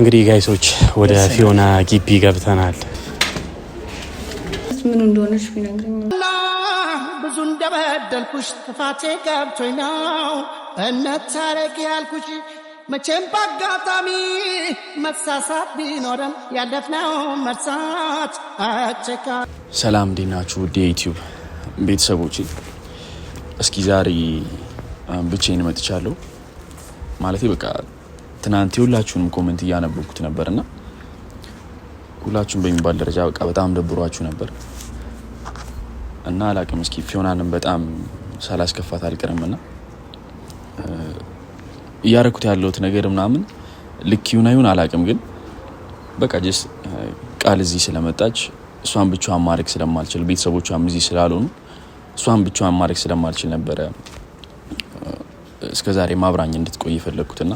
እንግዲህ ጋይሶች ወደ ፊዮና ግቢ ገብተናል። ምን እንደሆነች ቢነግረኝ ብዙ እንደበደልኩሽ ጥፋቴ ገብቶኝ ነው እንታረቅ ያልኩሽ መቼም በአጋጣሚ መሳሳት ቢኖረም ያለፍነው መርሳት አቸካ። ሰላም እንዴት ናችሁ? ውድ የዩቲዩብ ቤተሰቦች እስኪ ዛሬ ብቼን መጥቻለሁ። ማለት በቃ ትናንት የሁላችሁንም ኮመንት እያነበብኩት ነበርና ሁላችሁም በሚባል ደረጃ በቃ በጣም ደብሯችሁ ነበር እና አላቅም እስኪ ፊዮናንም በጣም ሳላስከፋት አልቀርም እና እያረኩት ያለሁት ነገር ምናምን ልክ ይሁን አይሁን አላቅም፣ ግን በቃ ጀስ ቃል እዚህ ስለመጣች እሷን ብቻዋን ማድረግ ስለማልችል ቤተሰቦቿም እዚህ ስላልሆኑ እሷን ብቻዋን ማድረግ ስለማልችል ነበረ እስከዛሬ ማብራኝ እንድትቆይ የፈለግኩትና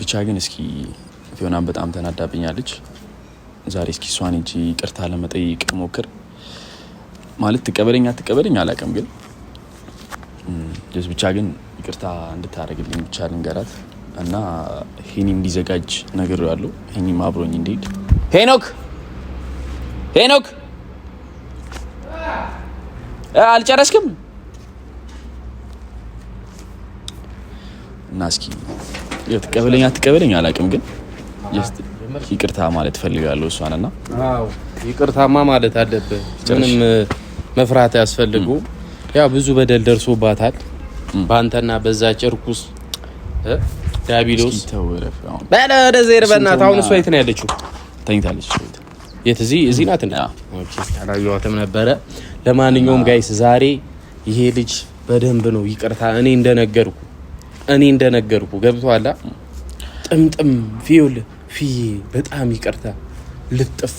ብቻ ግን እስኪ ፊዮናን በጣም ተናዳብኛለች። ዛሬ እስኪ እሷን እንጂ ቅርታ ለመጠየቅ ሞክር። ማለት ትቀበለኝ አትቀበለኝ አላውቅም፣ ግን ብቻ ግን ይቅርታ እንድታደርግልኝ ብቻ ልንገራት እና ሄኒ እንዲዘጋጅ ነገር ያሉ ሄኒ አብሮኝ እንዲሄድ። ሄኖክ ሄኖክ አልጨረስክም እና እስኪ ትቀበለኝ አትቀበለኝ አላውቅም፣ ግን ይቅርታ ማለት እፈልጋለሁ እሷን እና ይቅርታማ ማለት አለብህ። ምንም መፍራት ያስፈልጉ ያው ብዙ በደል ደርሶባታል በአንተና በዛ ጨርቁስ ዲያብሎስ ወደዚህ ሄድ በእናትህ። አሁን እሷ የት ነው ያለችው? ተኝታለች። የት? እዚህ እዚህ ናት። አላየኋትም ነበረ። ለማንኛውም ጋይስ ዛሬ ይሄ ልጅ በደንብ ነው ይቅርታ እኔ እንደነገርኩ እኔ እንደነገርኩ ገብቷላ። ጥምጥም ፊውል ፊዬ በጣም ይቅርታ ልጥፍ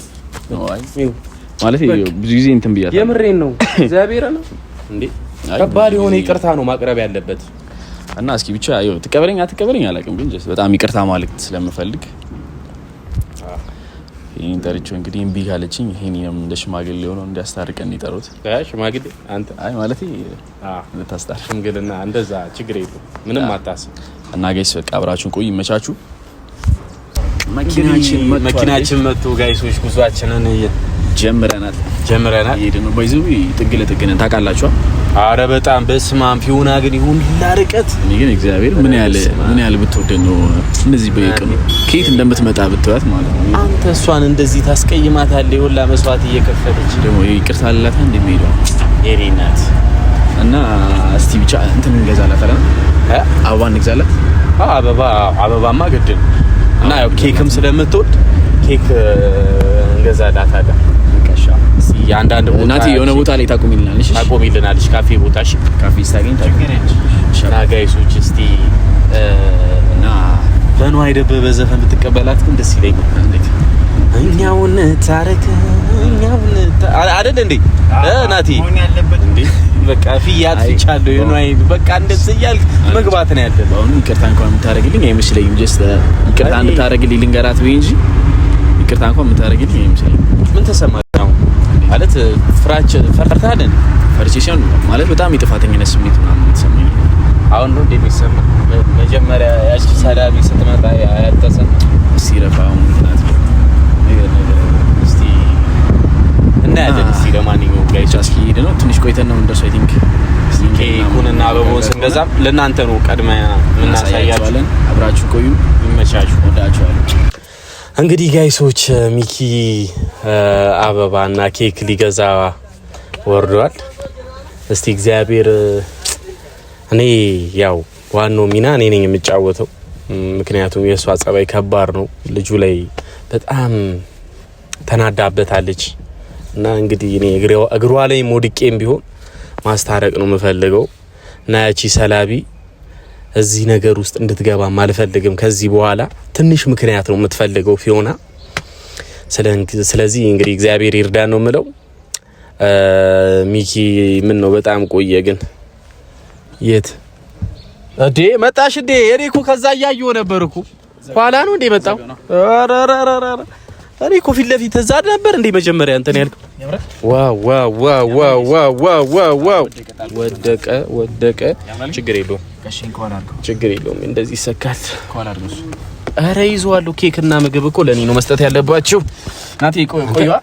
ማለት ብዙ ጊዜ እንትን ብያለሁ። የምሬን ነው። እግዚአብሔር ነው እንዴ ከባድ የሆነ ይቅርታ ነው ማቅረብ ያለበት እና እስኪ ብቻ ትቀበለኝ አትቀበለኝ አላውቅም፣ ግን በጣም ይቅርታ ማለት ስለምፈልግ ይህን ጠርቼው እንግዲህ እምቢ ካለችኝ ይህን እንደ ሽማግሌ ሊሆነው እንዲያስታርቀን እንዲጠሩት ሽማግሌ አይ ማለት ልታስታርቅ ሽምግልና እንደዛ ችግር የለ ምንም አታስብ እና ጋይስ በቃ አብራችሁን ቆይ ይመቻችሁ መኪናችን መጥቶ ጋይሶች ጉዟችንን ጀምረናል ጀምረናል ይሄድ ነው ጥግ ለጥግንን ታውቃላችኋል አረ በጣም በስማም ፊዮና ግን ይሁን ላርቀት እኔ ግን እግዚአብሔር ምን ያለ ምን ያለ ብትወደ ነው እንደዚህ በየቀኑ ከየት እንደምትመጣ ብትዋት ማለት ነው። አንተ እሷን እንደዚህ ታስቀይማታለህ። ይሁላ መስዋዕት እየከፈለች ደግሞ ይቅርታ አላታ እንደሚሄደው የኔ ናት እና እስቲ ብቻ እንትን እንገዛላት አለ አበባ እንግዛላት። አበባ አበባማ ግድን እና ያው ኬክም ስለምትወድ ኬክ እንገዛላት አለ የአንዳንድ ቦታ የሆነ ቦታ ላይ ታቆሚልናለሽ፣ ታቆሚልናለሽ ካፌ ቦታ እሺ፣ ካፌ ስታገኝ ታቆሚልናለሽ። ና ጋይሶች እስቲ እና በንዋይ ደበበ ዘፈን ብትቀበላት ግን ደስ ይለኛል። እኛውን ታረከ እኛውን አይደል እንዴ ሆን ያለበት እንዴ በቃ ፍያት ፍቻለሁ አይ በቃ እንደዚህ እያልክ መግባት ነው ያለ። አሁን ይቅርታ እንኳን የምታደርግልኝ አይመስለኝም። ጀስት ይቅርታ እንድታደርግልኝ ልንገራት ብዬ እንጂ ይቅርታ እንኳን የምታደርግልኝ አይመስለኝም። ምን ተሰማ ማለት ፍራች ፈርታደን ፈርቼሽን ማለት በጣም የጥፋተኝነት ስሜት ምናምን የተሰማኝ አሁን ነው እንደሚሰማ መጀመሪያ ያቺ ሰላቢ ስትመጣ ያተሰማ እስቲ ረፋው ምናት እስቲ እና እስቲ ለማንኛውም ሄድ ነው ትንሽ ቆይተን ነው እንደሱ አይ ቲንክ ኬኩንና አበቦን ስንገዛም ለእናንተ ነው ቀድመ አብራችሁ ቆዩ። ይመቻችሁ። ወዳችኋለሁ። እንግዲህ ጋይሶች ሚኪ አበባና ኬክ ሊገዛ ወርዷል። እስቲ እግዚአብሔር እኔ ያው ዋናው ሚና እኔ ነኝ የምጫወተው። ምክንያቱም የእሷ ጸባይ ከባድ ነው። ልጁ ላይ በጣም ተናዳበታለች እና እንግዲህ እኔ እግሯ ላይ ሞድቄም ቢሆን ማስታረቅ ነው የምፈልገው እና ያቺ ሰላቢ እዚህ ነገር ውስጥ እንድትገባም አልፈልግም። ከዚህ በኋላ ትንሽ ምክንያት ነው የምትፈልገው ፊዮና ስለዚህ እንግዲህ እግዚአብሔር ይርዳ ነው የምለው። ሚኪ ምን ነው በጣም ቆየ ግን የት እዴ መጣሽ እንዴ? እኔ እኮ ከዛ እያየሁ ነበር እኮ ኋላ ነው እንዴ መጣው? እኔ እኮ ፊት ለፊት እዛ ነበር እንዴ መጀመሪያ እንትን ያልከው። ዋው ዋው ዋው ዋው ዋው ዋው ወደቀ ወደቀ። ችግር የለውም ችግር የለውም እንደዚህ ይሰካል። ኧረ ይዘዋለሁ። ኬክ እና ምግብ እኮ ለእኔ ነው መስጠት ያለባችሁ። ናቴ ቆይዋ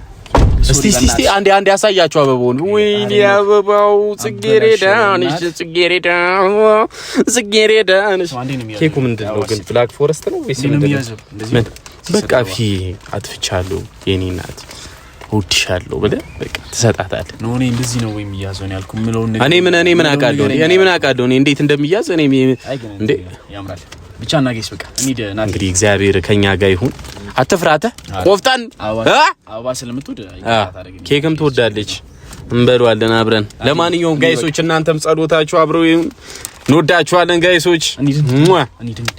እስቲ እስቲ እስቲ አንዴ አንዴ ያሳያችሁ አበባውን። ወይኔ አበባው ጽጌሬዳ ነሽ፣ ጽጌሬዳ ጽጌሬዳ ነሽ። ኬኩ ምንድን ነው ግን? ብላክ ፎረስት ነው ወይስ ምንድን ነው? በቃ ፊ አጥፍቻለሁ፣ የኔ ናት እወድሻለሁ ብለህ በቃ ትሰጣታለህ። ነው እኔ እንደዚህ ነው የሚያዘው ነው ያልኩህ። እኔ ምን እኔ ምን አውቃለሁ፣ እኔ ምን አውቃለሁ፣ እኔ እንዴት እንደሚያዝ እኔ እንዴ ያምራል ብቻ እናገኝስ በቃ እንሂድ። እንግዲህ እግዚአብሔር ከኛ ጋር ይሁን። አትፍራተ ቆፍጣን አበባ ስለምትወድ ኬክም ትወዳለች። እንበሏለን አብረን። ለማንኛውም ጋይሶች እናንተም ጸሎታችሁ አብረው ይሁን። እንወዳችኋለን ጋይሶች፣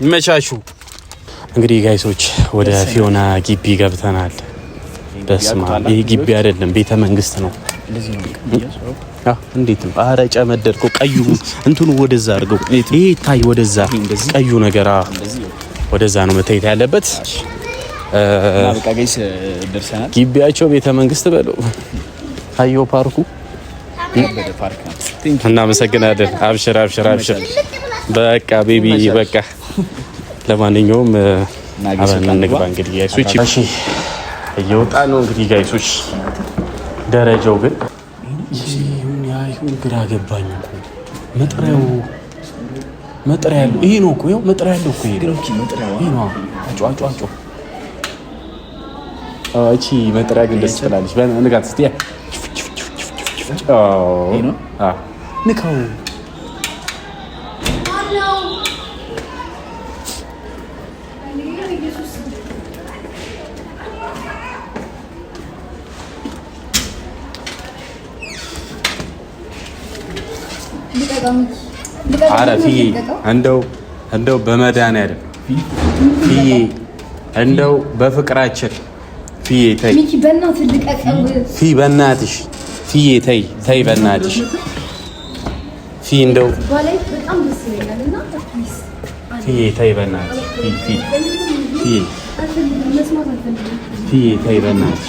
ይመቻችሁ። እንግዲህ ጋይሶች ወደ ፊዮና ግቢ ገብተናል። በስማ ይህ ግቢ አይደለም ቤተ መንግስት ነው። እንዴት ነው? ኧረ ጨመደድከው። ቀዩ እንትኑ ወደዛ አድርገው። ይሄ ታይ ወደዛ ቀዩ ነገር ወደዛ ነው መታየት ያለበት። ግቢያቸው ቤተ መንግስት በለው ታየው ፓርኩ እናመሰግናለን። አብሽር አብሽር አብሽር። በቃ ቤቢ በቃ ለማንኛውም አብረን እንግባ እንግዲህ ጋይሶች። እየወጣ ነው እንግዲህ ጋይሶች። ደረጃው ግን ስም ግራ ገባኝ እኮ መጥሪያው መጥሪያ ያለው ይሄ ነው እኮ ያው መጥሪያ ያለው እኮ ይሄ ነው እቺ መጥሪያ ግን ደስ ትላለች። ነው ስ ንካው አረ ፍዬ እንደው እንደው በመድኃኒዓለም ፍዬ እንደው በፍቅራችን ፊዬ ተይ ፊ በእናትሽ ፊዬ ተይ ተይ በእናትሽ ፊ እንደው ፊዬ ተይ በእናትሽ ፊዬ ተይ በእናትሽ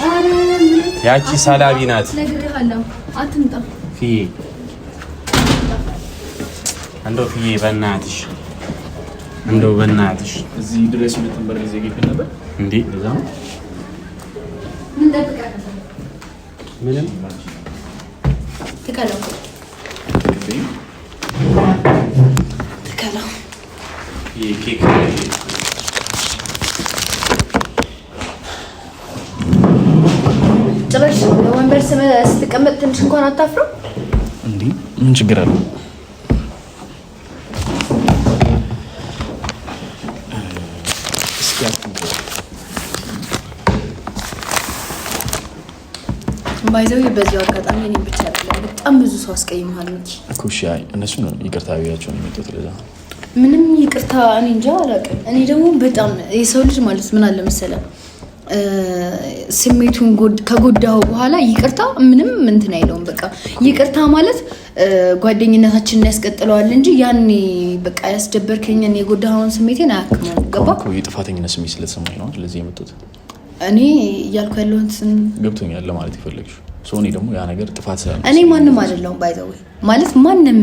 ያቺ ሰላቢ ናት ፊዬ እንደው ፍዬ በእናትሽ እንደው በእናትሽ እዚህ ድረስ ምትንበር ጊዜ ግግል ነበር እንዴ? እዛ ምንም ትከለው ትከለው ኬክ ጭራሽ ወንበር ስትቀመጥ ትንሽ እንኳን አታፍረው እንዴ? ምን ችግር አለው? ባይዘው በዚሁ አጋጣሚ እኔም ብቻ አይደለም በጣም ብዙ ሰው አስቀይመሃል እኮ። እሺ እነሱ ነው ይቅርታ ብያቸው ነው የመጡት። ለዛ ምንም ይቅርታ እኔ እንጃ አላውቅም። እኔ ደግሞ በጣም የሰው ልጅ ማለት ምን አለ መሰለህ ስሜቱን ከጎዳው በኋላ ይቅርታ ምንም እንትን አይለውም። በቃ ይቅርታ ማለት ጓደኝነታችንን ያስቀጥለዋል እንጂ ያኔ በቃ ያስደበርከኝን የጎዳውን ስሜቴን አያክመው። ገባ? የጥፋተኝነት ስሜት ስለተሰማኝ ነው ስለዚህ የመጡት እኔ እያልኩ ያለሁትን ገብቶኛል ለማለት የፈለግሽ እኔ ደግሞ ያ ነገር ጥፋት ስለ እኔ ማንም አይደለሁም ባይዘዌ ማለት ማንም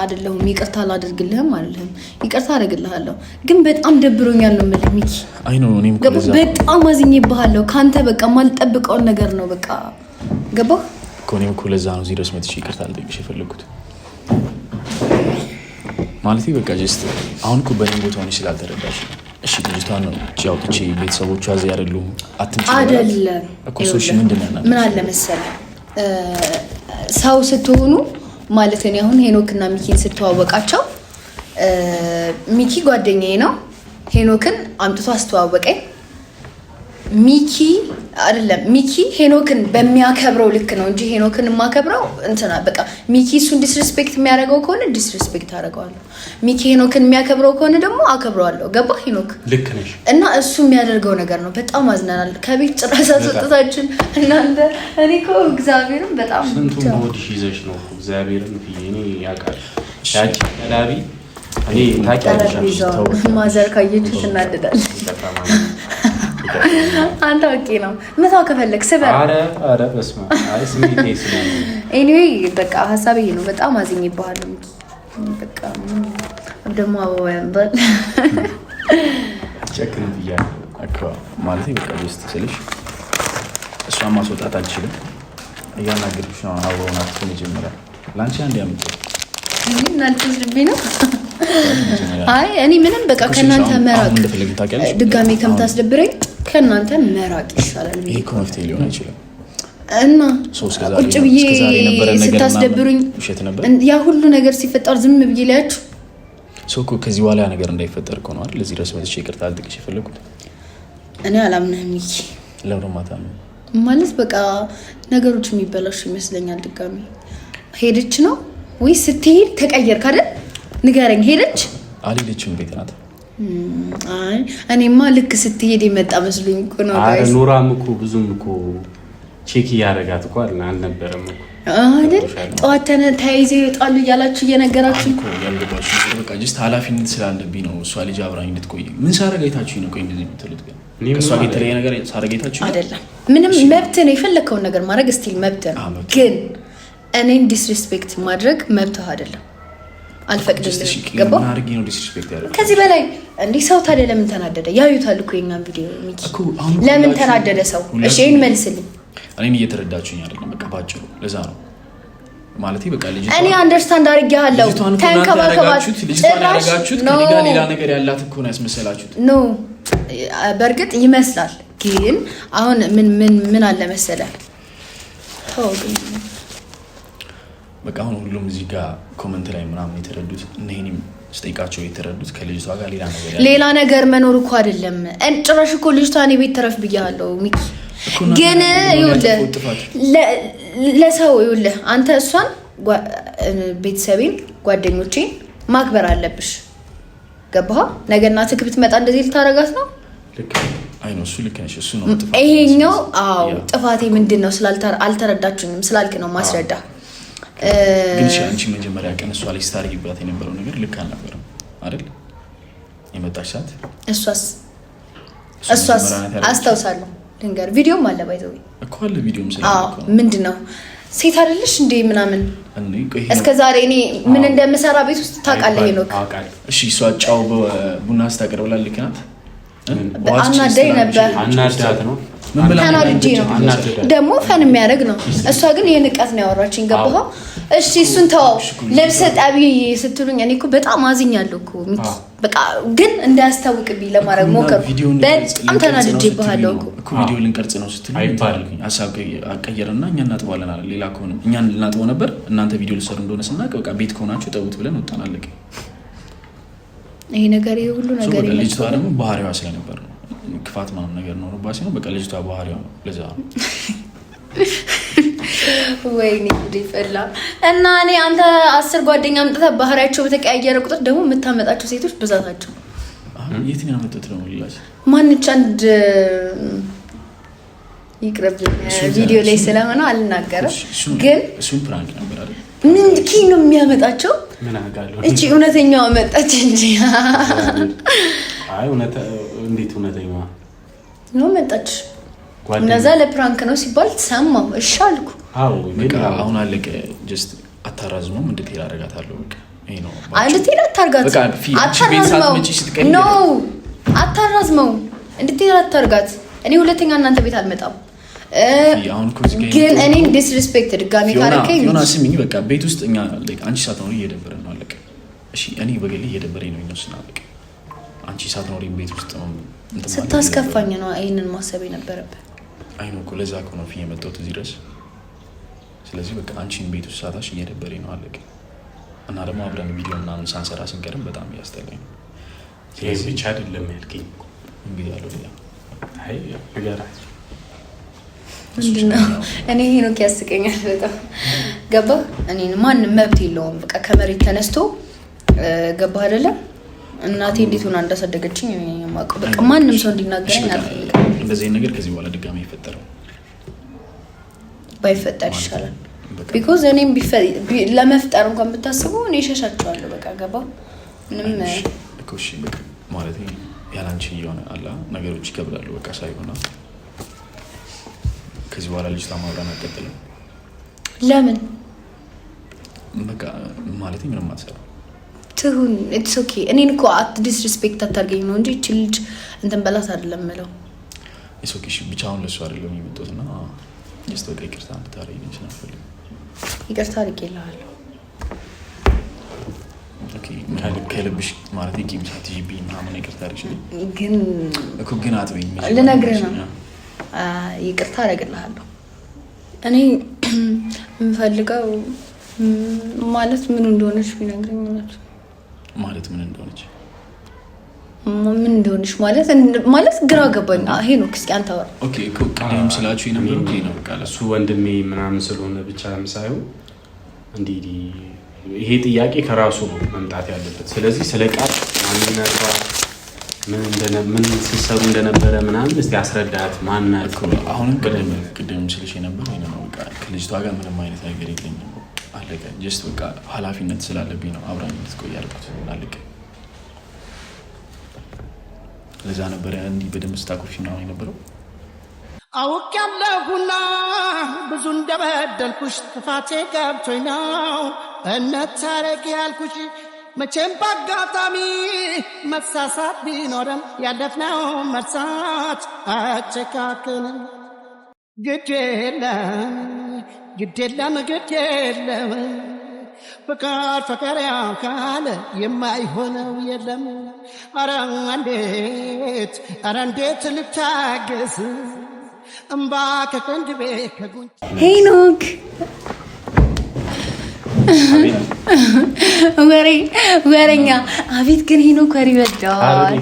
አይደለሁም። ይቅርታ አላደርግልህም አለም ይቅርታ አደርግልሃለሁ፣ ግን በጣም ደብሮኛል ነው የምልህ ሚኪ። በጣም አዝኜብሃለሁ። ከአንተ በቃ ማልጠብቀውን ነገር ነው በቃ ገባ እኮ። እኔም እኮ ለዛ ነው እዚህ ድረስ መጥቼ ይቅርታ ልጠይቅሽ የፈለግኩት ማለት በቃ ጀስት አሁን እኮ በእኔም ቦታ ሆነሽ ስላልተረዳሽ ነው እሺ ልጅቷን ጭ አውጥቼ ቤተሰቦቿ እዚህ አይደሉም። አትንጭ አይደለም እኮ ሰዎች ምንድን ነው ምን አለ መሰለ ሰው ስትሆኑ ማለት እኔ አሁን ሄኖክና ሚኪን ስተዋወቃቸው ሚኪ ጓደኛዬ ነው። ሄኖክን አምጥቶ አስተዋወቀኝ። ሚኪ አይደለም ሚኪ ሄኖክን በሚያከብረው ልክ ነው እንጂ ሄኖክን የማከብረው እንትና በቃ ሚኪ እሱን ዲስሪስፔክት የሚያደርገው ከሆነ ዲስሪስፔክት አደርገዋለሁ። ሚኪ ሄኖክን የሚያከብረው ከሆነ ደግሞ አከብረዋለሁ። ገባ ሄኖክ ልክ ነሽ። እና እሱ የሚያደርገው ነገር ነው። በጣም አዝነናል። ከቤት ጭራሽ አስወጥታችን እናንተ። እኔ እኮ እግዚአብሔርን በጣም ስንቱን በሆድሽ ይዘሽ ነው እግዚአብሔርን ፍዬ ያውቃል ያቺ ቀዳቢ እኔ ታውቂያለሽ። ማዘር ካየችው ትናደዳለች። አንተ አውቄ ነው ምታው ከፈለግ ስበር ኤኒዌይ በቃ ሀሳብ ነው። በጣም አዝኜብሃለሁ። በቃ ደግሞ አበባ ጨክን ማለት በቃ ቤስት ስልሽ እሷን ማስወጣት አልችልም። ነው ይጀምራል ለአንቺ አንድ ነው አይ እኔ ምንም በቃ ከእናንተ መራቅ ድጋሜ ከምታስደብረኝ ከእናንተ መራቅ ይሻላል። ይሄ መፍትሄ ሊሆን አይችልም። እና ቁጭ ብዬ ስታስደብሩኝ ያ ሁሉ ነገር ሲፈጠር ዝም ብዬ ላያችሁ ሰው እኮ ከዚህ በኋላ ነገር እንዳይፈጠር እኮ ነው አይደል? ለዚህ ድረስ መጥቼ ይቅርታ አልጥቅሽ የፈለጉት እኔ አላምንህም። ይ ለምን ማለት በቃ ነገሮች የሚበላሹ ይመስለኛል። ድጋሚ ሄደች ነው ወይ ስትሄድ ተቀየርክ አይደል? ንገረኝ። ሄደች አልሄደችም? ቤት ናት እኔማ ልክ ስትሄድ የመጣ መስሎኝ እኮ ነው። ኑራም እኮ ብዙም እኮ ቼክ እያደረጋት እኮ አልነበረም እኮ አይደል? ጠዋት ተያይዘው ይወጣሉ እያላችሁ እየነገራችሁ ያልገባችሁ ኃላፊነት ስላለብኝ ነው። እሷ ልጅ አብራኝ እንድትቆይ ምን ሳረጋይታችሁ ነው? ቆይ እንደዚህ የምትሉት ግን የተለየ ነገር ሳረጋይታችሁ አይደለም። ምንም መብት ነው፣ የፈለግከውን ነገር ማድረግ ስቲል መብት ነው። ግን እኔን ዲስሪስፔክት ማድረግ መብትህ አይደለም። አልፈቅድም። ከዚህ በላይ እንዲህ ሰው ታዲያ ለምን ተናደደ? ያዩታል እኮ የኛን ቪዲዮ ለምን ተናደደ ሰው? እሺ ይህን መልስልኝ። እኔን እየተረዳችሁኝ አይደለም። በቃ ባጭሩ ለዛ ነው ማለት በቃ ልጅ እኔ አንደርስታንድ አድርጌሃለሁ። ተንከባከባችሁት ልጅቷን ሌላ ነገር ያላት እኮ ነው ያስመሰላችሁት። ኖ በእርግጥ ይመስላል፣ ግን አሁን ምን ምን ምን አለ መሰለህ በቃ አሁን ሁሉም እዚህ ጋር ኮመንት ላይ ምናምን የተረዱት እና ይሄንም ስጠይቃቸው የተረዱት ከልጅቷ ጋር ሌላ ነገር ሌላ ነገር መኖር እኮ አይደለም። ጭራሽ እኮ ልጅቷ እኔ ቤት ተረፍ ብያለሁ። ሚኪ ግን ለሰው ይውለ አንተ እሷን፣ ቤተሰቤን፣ ጓደኞቼን ማክበር አለብሽ። ገባህ? ነገ እናትህ ብትመጣ እንደዚህ ልታረጋት ነው። ይሄኛው ጥፋቴ ምንድን ነው ስላልተረዳችሁኝም ስላልክ ነው ማስረዳ ግን አንቺ መጀመሪያ ቀን እሷ ላይ ስታደርጊባት የነበረው ነገር ልክ አልነበረም አይደል? የመጣች ሰዓት እሷስ እሷስ አስታውሳለሁ። ድንገር ቪዲዮም አለ ባይዘው እኮ አለ ቪዲዮም ስለ ምንድን ነው ሴት አይደለሽ እንዴ ምናምን እስከ ዛሬ እኔ ምን እንደምሰራ ቤት ውስጥ ታውቃለህ። ሄኖክ እሺ፣ እሷ ጫው ቡና ስታቀርብላ ልክ ናት አናዳኝ ነበር። አናዳት ነው ተናድጄ ነው ደግሞ ፈን የሚያደርግ ነው። እሷ ግን ይህ ንቀት ነው ያወራችኝ። ገባኸው? እሺ እሱን ተው ልብስ ጠቢ ስትሉኝ እኔ እኮ በጣም አዝኛለሁ እኮ በቃ ግን እንዳያስታውቅብኝ ለማድረግ ሞከርኩ። በጣም ተናድጄብሃለሁ እኮ ቪዲዮ ልንቀርጽ ነው ስትሉ ሀሳብ አቀየርና እኛ እናጥበዋለን አለ። ሌላ ከሆነ እኛ ልናጥበው ነበር እናንተ ቪዲዮ ልሰሩ እንደሆነ ስናቅ በቃ ቤት ከሆናችሁ ጠቡት ብለን ወጣናለቅ ይሄ ነገር ይሄ ሁሉ ነገር ልጅቷ ደግሞ ባህሪዋ ስለነበር ነው። ክፋት ምናምን ነገር ኖሮባት ሲሆን በቃ ልጅቷ ባህሪዋ ነው። ለዛ ወይኔ እንግዲህ ፈላ እና እኔ አንተ አስር ጓደኛ አምጥተህ ባህሪያቸው በተቀያየረ ቁጥር ደግሞ የምታመጣቸው ሴቶች ብዛታቸው የትን ያመጡት ነው ላች ማንች አንድ ይቅረብ ቪዲዮ ላይ ስለሆነ አልናገርም፣ ግን እሱን ፕራንክ ነበር አይደል ምን ነው የሚያመጣቸው እቺ እውነተኛዋ መጣች እንጂ እንዴት እውነተኛ ነው መጣች። እነዛ ለፕራንክ ነው ሲባል ሰማው። እሺ አልኩ። አሁን አለቀ። ጀስት አታራዝሞም እንድትሄድ አደርጋታለሁ። እንድትሄድ አታርጋት። አታራዝመው፣ እንድትሄድ አታርጋት። እኔ ሁለተኛ እናንተ ቤት አልመጣም። ግን እኔን ዲስሪስፔክት ድጋሚ ካረከኝ ሆና ስሚኝ፣ በቃ ቤት ውስጥ እኛ አንቺ ሳትኖሪ እየደበረ ነው አለቀ። እሺ እኔ በግሌ እየደበረኝ ነው ስና አለቀ። አንቺ ሳትኖሪ ቤት ውስጥ ነው ስታስከፋኝ ነው ይህንን ማሰብ የነበረብህ። አይ ነው እኮ ለዛ ከሆነ ፊ የመጣሁት እዚህ ድረስ። ስለዚህ በቃ አንቺን ቤት ውስጥ ሳታሽ እየደበረ ነው አለቀ። እና ደግሞ አብረን ቪዲዮ ምናምን ሳንሰራ ስንቀርም በጣም እያስጠላኝ ነው። ስለዚህ ብቻ አይደለም ያልከኝ እንግዲህ አለ ሌላ ያ እኔ ሄኖክ ያስቀኛል በጣም ገባ። እኔ ማንም መብት የለውም። በቃ ከመሬት ተነስቶ ገባ አይደለም። እናቴ እንዴት ሆና እንዳሳደገችኝ የማውቀው በቃ ማንም ሰው እንዲናገረኝ እንደዚህ ነገር ከዚህ በኋላ ድጋሚ አይፈጠርም። ባይፈጠር ይሻላል። ቢኮዝ እኔም ለመፍጠር እንኳን ብታስቡ እኔ እሸሻቸዋለሁ። በቃ ገባ ምንም ማለት ያላንቺ እየሆነ አላ ነገሮች ይከብዳሉ። በቃ ሳይሆና ከዚህ በኋላ ልጅ ማውራን አትቀጥልም። ለምን? በቃ ማለት ምንም አትሰራም። ትሁን ኢትስ ኦኬ። እኔን እኮ አት ዲስሪስፔክት አታርገኝ ነው እንጂ እቺ ልጅ እንትን በላት አይደለም የምለው። ኢትስ ኦኬ። እሺ ብቻ አሁን ለእሱ አይደለም የመጣሁት እና ጀስት በቃ ይቅርታ እንድታረጊ ልጅ ናፈልግ ይቅርታ አድርጌልሃለሁ። ከልብሽ ማለት ቂም ሳትይዥብኝ ምናምን ይቅርታ አድርግልኝ። ግን እኮ ግን አጥበኝ ልነግርህ ነው ይቅርታ አደርግልሃለሁ። እኔ የምፈልገው ማለት ምን እንደሆነች ቢነግረኝ ማለት ምን እንደሆነች ምን እንደሆነች ማለት ማለት ግራ ገባኝ። ሄኖክ እስኪ አንተ ወር ቅድም ስላችሁ የነበረው ይሄ ነው። በቃ እሱ ወንድሜ ምናምን ስለሆነ ብቻ ምሳዩ እንዲህ ይሄ ጥያቄ ከራሱ ነው መምጣት ያለበት ስለዚህ ስለ ቃል ማንነቷ ምን ሲሰሩ እንደነበረ ምናምን እስኪ አስረዳት። ማናት? አሁንም ቅድም ስልሽ የነበር ከልጅቷ ጋር ምንም አይነት ነገር የለኝም። አለቀ። ጀስት በቃ ኃላፊነት ስላለብኝ ነው አብራኝ ልትቆይ ያልኩት። አለቀ። ለዛ ነበረ እንዲህ በደንብ ስታኮፊ ምናምን የነበረው አውቄያለሁና ብዙ እንደበደልኩሽ ጥፋቴ ገብቶኝ ነው እነት ታረቂ ያልኩሽ መቼም በአጋጣሚ መሳሳት ቢኖረም ያለፍነው መርሳት አቸካክን ግድ የለም ግድ የለም ግድ የለም ፍቃድ ፍቅር ያካለ የማይሆነው የለም። አረ እንዴት አረ እንዴት ልታገስ እምባ ከቀንድቤ ከጉንጭ ሄኖክ ወሬኛ አቤት ግን ሄኖ ኮሪ ይበላዋል።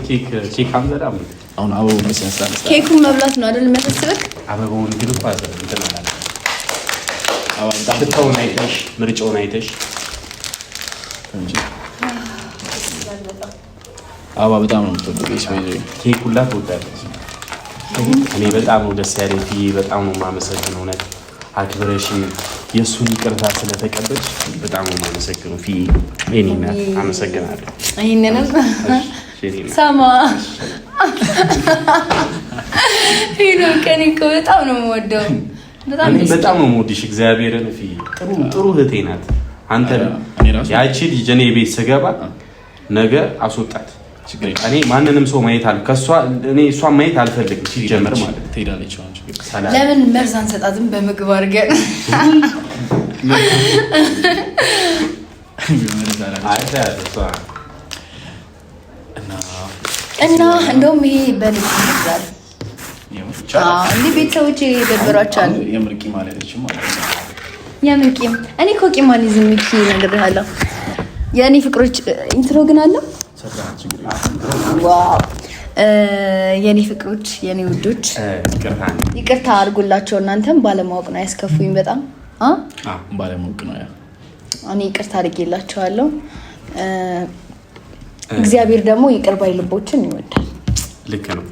ኬኩን መብላት ነው አይደል የሚያሳስበክ? አበባውን ግን እኮ ብታውን አይተሽ ምርጫውን አይተሽ አባ በጣም ነው የምትወደው። ኬክ ሁላ ትወዳለች። እኔ በጣም ነው ደስ ያለኝ። በጣም ነው የማመሰግነው እውነት አክብረሽኝ የእሱን ይቅርታ ስለተቀበች በጣም አመሰግነው። ፊ ኔና አመሰግናለሁ። ይህንንም ሰማ ቀን በጣም ነው የምወደው። በጣም ነው የምወድሽ። እግዚአብሔርን ፊ ጥሩ ጥሩ እህቴ ናት። አንተ ያቺ ልጅ እኔ ቤት ስገባ ነገ አስወጣት እኔ ማንንም ሰው ማየት አል ከእሷ እኔ እሷ ማየት አልፈልግም። ሲጀምር ማለት ትሄዳለች። ለምን መርዝ አንሰጣትም? በምግብ አድርገን እና እንደውም ይሄ በልጅ ይዛል እንዲህ ቤተሰቦች ደብሯቸዋል። የምር ቂም እኔ ኮቂ ቂም የሚ ሚኪ የእኔ ፍቅሮች ኢንትሮ ግን አለው የኔ ፍቅሮች የኔ ውዶች ይቅርታ አድርጎላቸው። እናንተም ባለማወቅ ነው ያስከፉኝ። በጣም ባለማወቅ ነው። እኔ ይቅርታ አድርጌላቸዋለሁ። እግዚአብሔር ደግሞ ይቅር ባይ ልቦችን ይወዳል። ልክ ነው።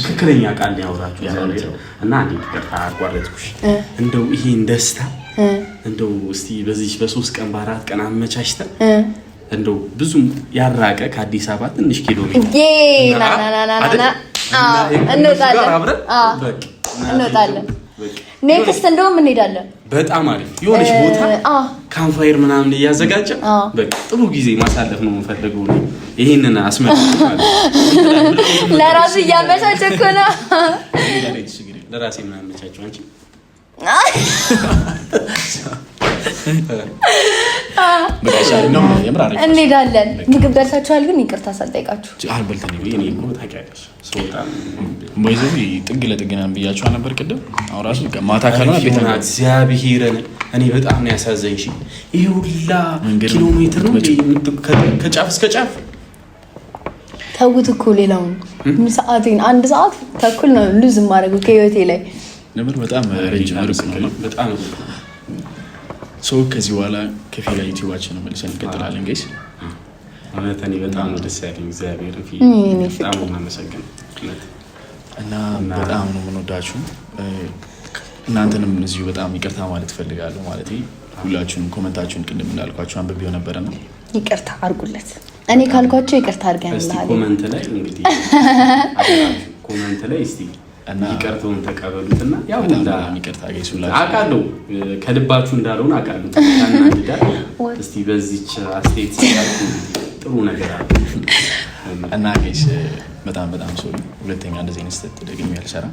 ትክክለኛ ቃል ያወራችሁ እና እኔ ይቅርታ አቋረጥኩሽ። እንደው ይሄን ደስታ እንደው እስቲ በዚህ በሶስት ቀን በአራት ቀን አመቻችተን እንደው ብዙም ያራቀ ከአዲስ አበባ ትንሽ ኪሎ እንወጣለን። ኔክስት እንደውም እንሄዳለን። በጣም አሪፍ የሆነች ቦታ ካምፋየር ምናምን እያዘጋጀ ጥሩ ጊዜ ማሳለፍ ነው የምፈልገው። ይህንን አስመ ለራሱ እያመቻቸ እኮ ነው። ለራሴ ምናምን መቻቸው አንቺ እንሄዳለን። ምግብ በልታችኋል? ግን ይቅርታ ሳልጠይቃችሁ ጥግ ለጥግ ብያችኋ ነበር ቅድም። አሁን እራሱ ማታ ካልሆነ ቤት እግዚአብሔርን እኔ በጣም ነው ያሳዘንሽ። ይሄ ሁላ ኪሎ ሜትር ነው ከጫፍ እስከ ጫፍ ተውት እኮ ሌላውን ሰዓቴን አንድ ሰዓት ተኩል ነው ሉዝ የማደርገው ከህይወቴ ላይ ነበር። በጣም ረጅም ርቅ ነው። በጣም ሰው ከዚህ በኋላ ከፊላ ዩቲዩባችን መልሰን እንቀጥላለን። ገይስ እውነት በጣም ነው ደስ ያለኝ። እግዚአብሔር በጣም እናመሰግን እና በጣም ነው የምንወዳችሁ። እናንተንም እዚሁ በጣም ይቅርታ ማለት እፈልጋለሁ። ማለት ሁላችሁንም ኮመንታችሁን ቅድም እንዳልኳችሁ አንብቤው ነበረ ነው ይቅርታ አድርጉለት። እኔ ካልኳቸው ይቅርታ አድርገን ኮመንት ላይ እንግዲህ ኮመንት ላይ እስኪ እና ይቅርታውን ተቀበሉትና ያው እንዳ ይቅርታ ጌሱላ አውቃለሁ፣ ከልባችሁ እንዳልሆነ አውቃለሁ። እስቲ በዚች አስቴት ሲያልኩ ጥሩ ነገር አለ እና ጌስ በጣም በጣም ሶሪ፣ ሁለተኛ እንደዚህ አይነት ስህተት ደግሞ ያልሰራ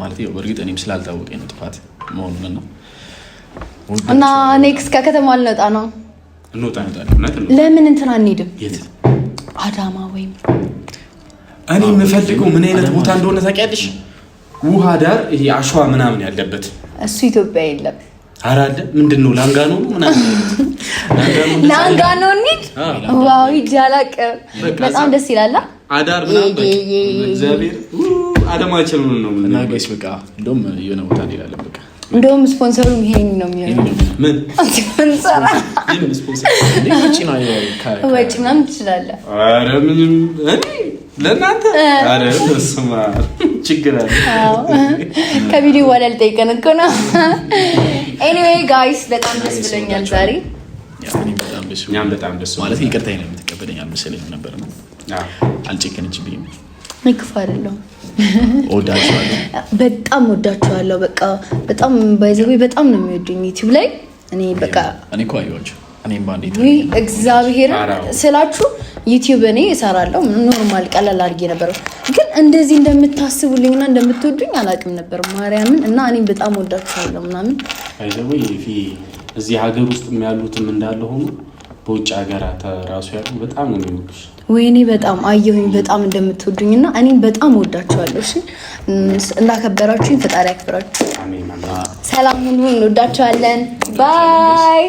ማለት ነው። በእርግጥ እኔም ስላልታወቀኝ ነው ጥፋት መሆኑን እና እና ኔክስት ከከተማ አልነጣ ነው እንወጣ ለምን እንትን አንሄድም? አዳማ ወይም እኔ የምፈልገው ምን አይነት ቦታ እንደሆነ ታውቂያለሽ? ውሃ ዳር ይሄ አሸዋ ምናምን ያለበት እሱ ኢትዮጵያ የለም። ኧረ አለ። ምንድን ነው ላንጋኖ ነው ምናምን ላንጋኖ እንሂድ። ዋው ሂጅ አላውቅም። በጣም ደስ ይላል። አዳር ምናምን እግዚአብሔር አለማችን ነው ናገስ በቃ እንደውም የሆነ ቦታ ሌላለን በቃ እንደውም ስፖንሰሩ ይሄን ነው የሚሆነው። ምን ስፖንሰር ምናምን ትችላለህ። ለእናንተ ስማ ችግር አለ። ከቪዲዮ በኋላ ልጠይቀን እኮ ነው። ኤኒዌይ ጋይስ በጣም ደስ ብሎኛል ዛሬ። በጣም ማለት ይቅርታ ነው የምትቀበለኝ አልመሰለኝም ነበር አልጨከነችብኝም። በጣም ወዳችኋለሁ። በቃ በጣም በጣም ነው የሚወዱኝ ዩቲዩብ ላይ እኔ በቃ እኔ እኮ አየኋቸው እግዚአብሔር ስላችሁ ዩቲዩብ እኔ እሰራለሁ ኖርማል ቀለል አድርጌ ነበረው፣ ግን እንደዚህ እንደምታስቡልኝና እንደምትወዱኝ አላውቅም ነበር ማርያምን። እና እኔም በጣም ወዳችኋለሁ ምናምን። እዚህ ሀገር ውስጥ ያሉትም እንዳለ ሆኖ በውጭ ሀገራት ራሱ ያሉ በጣም ነው የሚወዱሽ። ወይኔ በጣም አየሁኝ በጣም እንደምትወዱኝ እና እኔም በጣም ወዳችኋለሁ። እሺ እንዳከበራችሁኝ ፈጣሪ ያክብራችሁ። ሰላም ሁሉ እንወዳችኋለን። ባይ